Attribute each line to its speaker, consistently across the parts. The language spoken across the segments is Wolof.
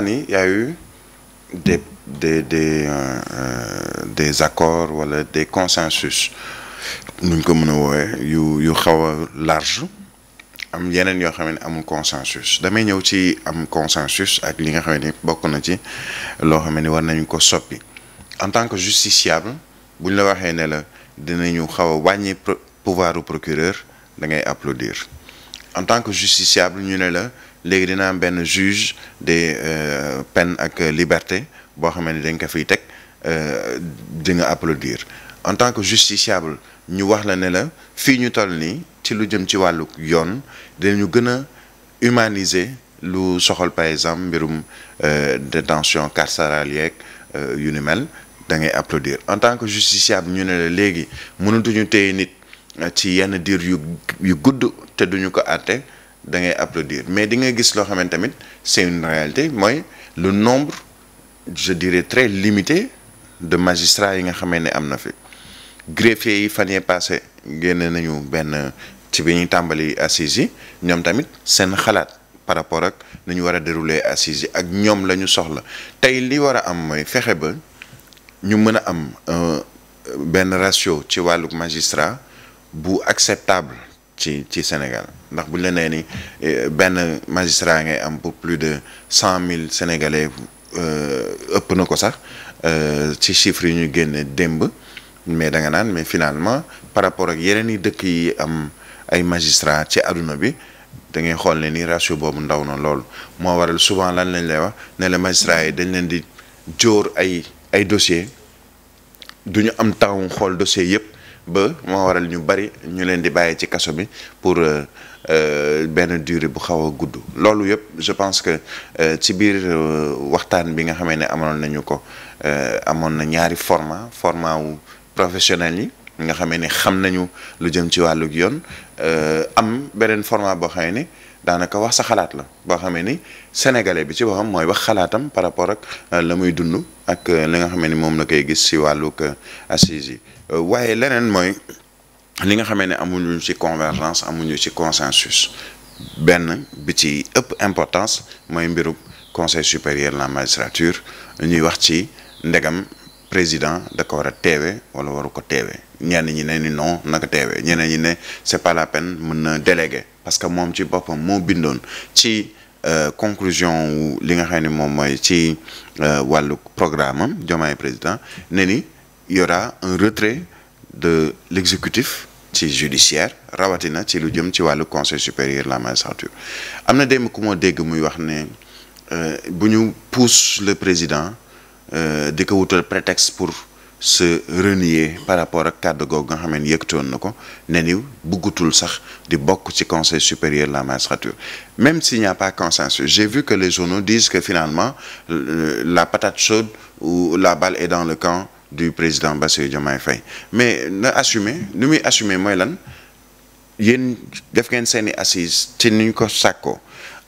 Speaker 1: ni y a eu des des des euh, euh, des accords wala des consensus nuñ ko mën a woowee yu yu xaw a large am yeneen yoo xam ne amul consensus damay ñëw ci am consensus ak li nga xam ne bokk na ci loo xam ne war nañu ko soppi en tant que justiciable buñ la waxee ne la dinañu xaw a wàññi pouvoir du procureur tant que justiciable ñu ne la léegi dina am benn juge des euh, peines ak liberté boo xamee ne dañ ko fiy teg euh, di nga applaudir en tant que justiciable ñu wax la ne la fii ñu toll nii ci lu jëm ci wàllu yoon dinañu gën a humaniser lu soxal par exemple mbirum euh, détention carcérale yeeg yu ni mel da ngay applaudir en tant que justiciable ñu ne la léegi mënatuñu téye nit ci yenn diir yu yu gudd te duñu ko àtte da ngay applaudir mais di nga gis loo xamante tamit seen une réalité mooy le nombre je dire très limité de magistrats yi nga xamee ne am na fi greffier yi fan yee passé génne nañu benn ci bi ñuy tàmbali assises yi ñoom tamit seen xalaat par rapport ak nu ñu war a dérouler assises yi ak ñoom la ñu soxla tey li war a am mooy fexe ba ñu mën a am euh, benn ratio ci wàllu magistrat bu acceptable ci ci Sénégal ndax bu ñu la nee ni eh, benn magistrat ngay am pour plus de cent mille sénégalais euh, ëpp na ko sax euh, ci chiffres yi ñu génne démb mais da nga naan mais finalement par rapport ak yeneen i dëkk yi am ay magistrat ci àdduna bi da ngay xool ne ni ratio boobu ndaw na loolu moo waral souvent lan lañ lay wax ne la magistrat yi dañ leen di jóor ay ay dossier du ñu am taxawu xool dossier yëpp ba moo waral ñu bari ñu leen di bàyyi ci kaso bi pour euh, euh, benn durée bu xaw a gudd loolu yëpp je pense que euh, ci biir waxtaan bi nga xamee ne amoon nañu ko amoon na ñaari format format wu professionnel yi nga xamee ni xam nañu lu jëm ci wàllu yoon am beneen format boo xamee ni daanaka wax sa xalaat la boo xamee ni sénégalais bi ci boppam mooy wax xalaatam par rapport ak euh, la muy dund ak euh, li nga xamee ni moom la koy gis si wàllug assises yi euh, waaye leneen mooy li nga xamee ne amuñu ci convergence amuñu ci consensus benn bi ci ëpp importance mooy mbirub conseil supérieur de la magistrature ñuy wax ci ndegam. président da ko war a teewe wala waru ko teewe ñenn ñi ne ni non naka teewe ñeneen ñi ne c'est pas la peine mën na délégué parce que moom ci boppam moo bindoon ci euh, conclusion wu li nga xam ni moom mooy ci euh, wàllu programme am Diomaye président ne ni y aura un retrait de l'exécutif ci judiciaire rawatina ci lu jëm ci wàllu conseil supérieur la magistrature am na démb ku moo dégg muy wax ne euh, bu ñu pousse le président Euh, di ko wutal prétexte pour se renier par rapport ak kàddu googu nga xam yëg toon na ko ne ni bëggatul sax di bokk ci conseil supérieur la magistrature même s'il n'y a pas consensus j'ai vu que les journaux disent que finalement euh, la patat chaude ou la balle et dans le camp du président Bassirou Diomaye fay mais na assumer nu muy assumer mooy lan yéen def ngeen seeni assise ci ni ñu ko sàkkoo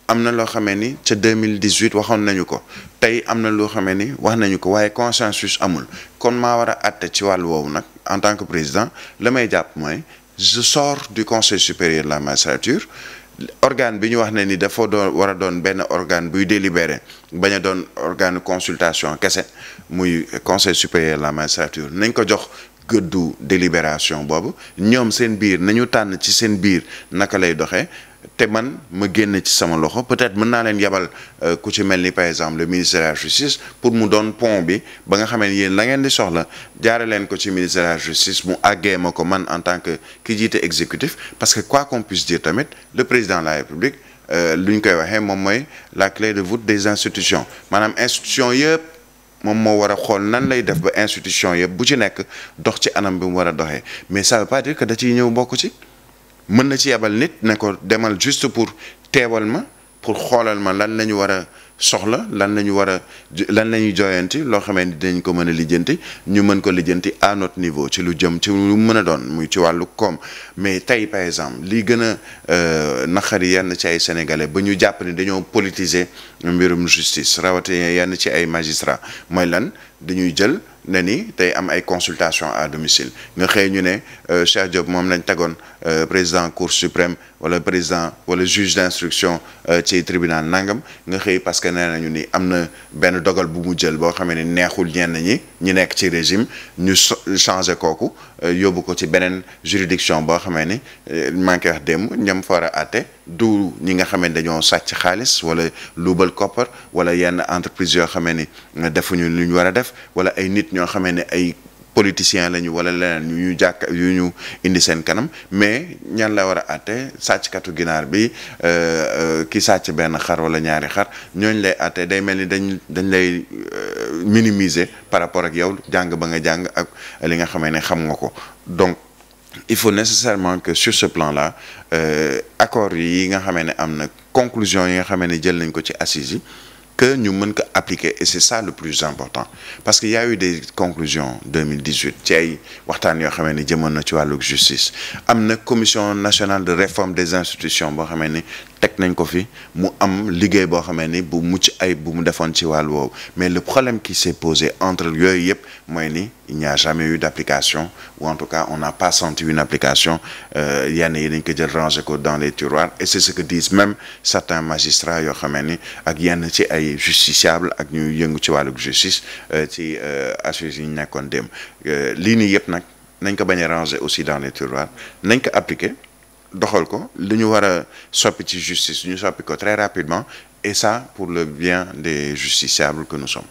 Speaker 1: am na loo xamee ni ca 2018 waxoon nañu ko tey am na loo xamee ni wax nañu ko waaye consensus amul kon maa war a àtte ci wàll woowu nag en tant que président la may jàpp mooy je sors du conseil supérieur la magistrature organe bi ñu wax ne ni dafa doon war a doon benn organe buy délibéré bañ a doon organe consultation kese muy conseil supérieur la magistrature nañ ko jox gëddu délibération boobu ñoom seen biir nañu tànn ci seen biir naka lay doxee te man ma génn ci sama loxo peut-être mën naa leen yebal euh, ku ci mel ni par exemple le ministère de la justice pour mu doon pont bi ba nga xamee yéen la ngeen di soxla jaare leen ko ci ministère de la justice mu àggee ma ko man en tant que ki jiite exécutif parce que quoi qu'on puisse dire tamit le président de la république euh, lu ñu koy waxee moom mooy la clé de voûte des institutions maanaam institution yëpp moom moo war a xool nan lay def ba institution yëpp bu ci nekk dox ci anam bi mu war a doxee mais ça veut que da ciy ñëw bokk ci mën na ci yebal nit ne ko demal juste pour teewal ma pour xoolal ma lan lañu ñu war a soxla lan la ñu war a lan la ñuy jooyanti loo xamee ni dinañ ko mën a lijjanti ñu mën ko lijjanti à niveau ci lu jëm ci lu mën a doon muy ci wàllu koom mais tey par exemple lii gën a euh, naqari yenn ci ay sénégalais ba ñu jàpp ni dañoo politiser mbirum justice rawatina yenn ci ay magistrat mooy lan dañuy jël ne nii tey am ay consultation à domicile nga xëy ñu ne euh, Cheikh Diop moom tegoon. Euh, président cour suprême wala président wala juge d'instruction euh, ci tribunal nangam nga xëy parce que nee nañu ni am na benn dogal bu mu jël boo xamee ne neexul ñenn ñi ñu nekk ci régime ñu changé kooku euh, yóbbu ko ci beneen juridiction boo xamee ni maa ngi koy wax démb ñam fara àtte du ñi nga xamee dañoo sàcc xaalis wala luubal koppar wala yenn entreprise yoo xamee ni defuñu lu ñu war a def wala ay nit ñoo xamee ne ay politicien lañu wala leneen yu ñu jàkk yu ñu indi seen kanam mais ñan la war a àtte sàcckatu ginaar bi euh, euh, ki sàcc benn xar wala ñaari xar ñooñ lay àtte day mel ni dañ dañ lay euh, minimiser par rapport ak yow jàng ba nga jàng ak li nga xamee ne xam nga ko donc il faut nécessairement que sur ce plan-là accords yi nga xamee ne am na conclusion yi nga xamee ne jël nañ ko ci assises yi que ñu mën ko appliquer et c'est ça le plus important parce que y a eu des conclusions 2018 ci ay waxtaan yoo xamee ni jëmoon na ci wàllu justice am na commission nationale de réforme des institutions boo xamee ni teg nañ ko fi mu am liggéey boo xamee ni bu mucc ay bu mu defoon ci wàll woow mais le problème qui s'est posé entre yooyu yëpp mooy ni il n'y a jamais eu d'application ou en tout cas on n'a pas senti une euh, yi dañ ko jël ranger ko dans les tiroirs et c'est ce que disent même certains magistrats yoo xamee ni ak yenn ci ay justiciables ak ñu yëngu ci wàllu justice euh, ci euh, assises yi ñu nekkoon dem lii nii yëpp nag nañ ko bañ a ranger aussi dans les tiroirs nañ ko appliquer doxal ko li ñu war a soppi ci justice ñu ko très rapidement et ça pour le bien des justiciables que nous sommes.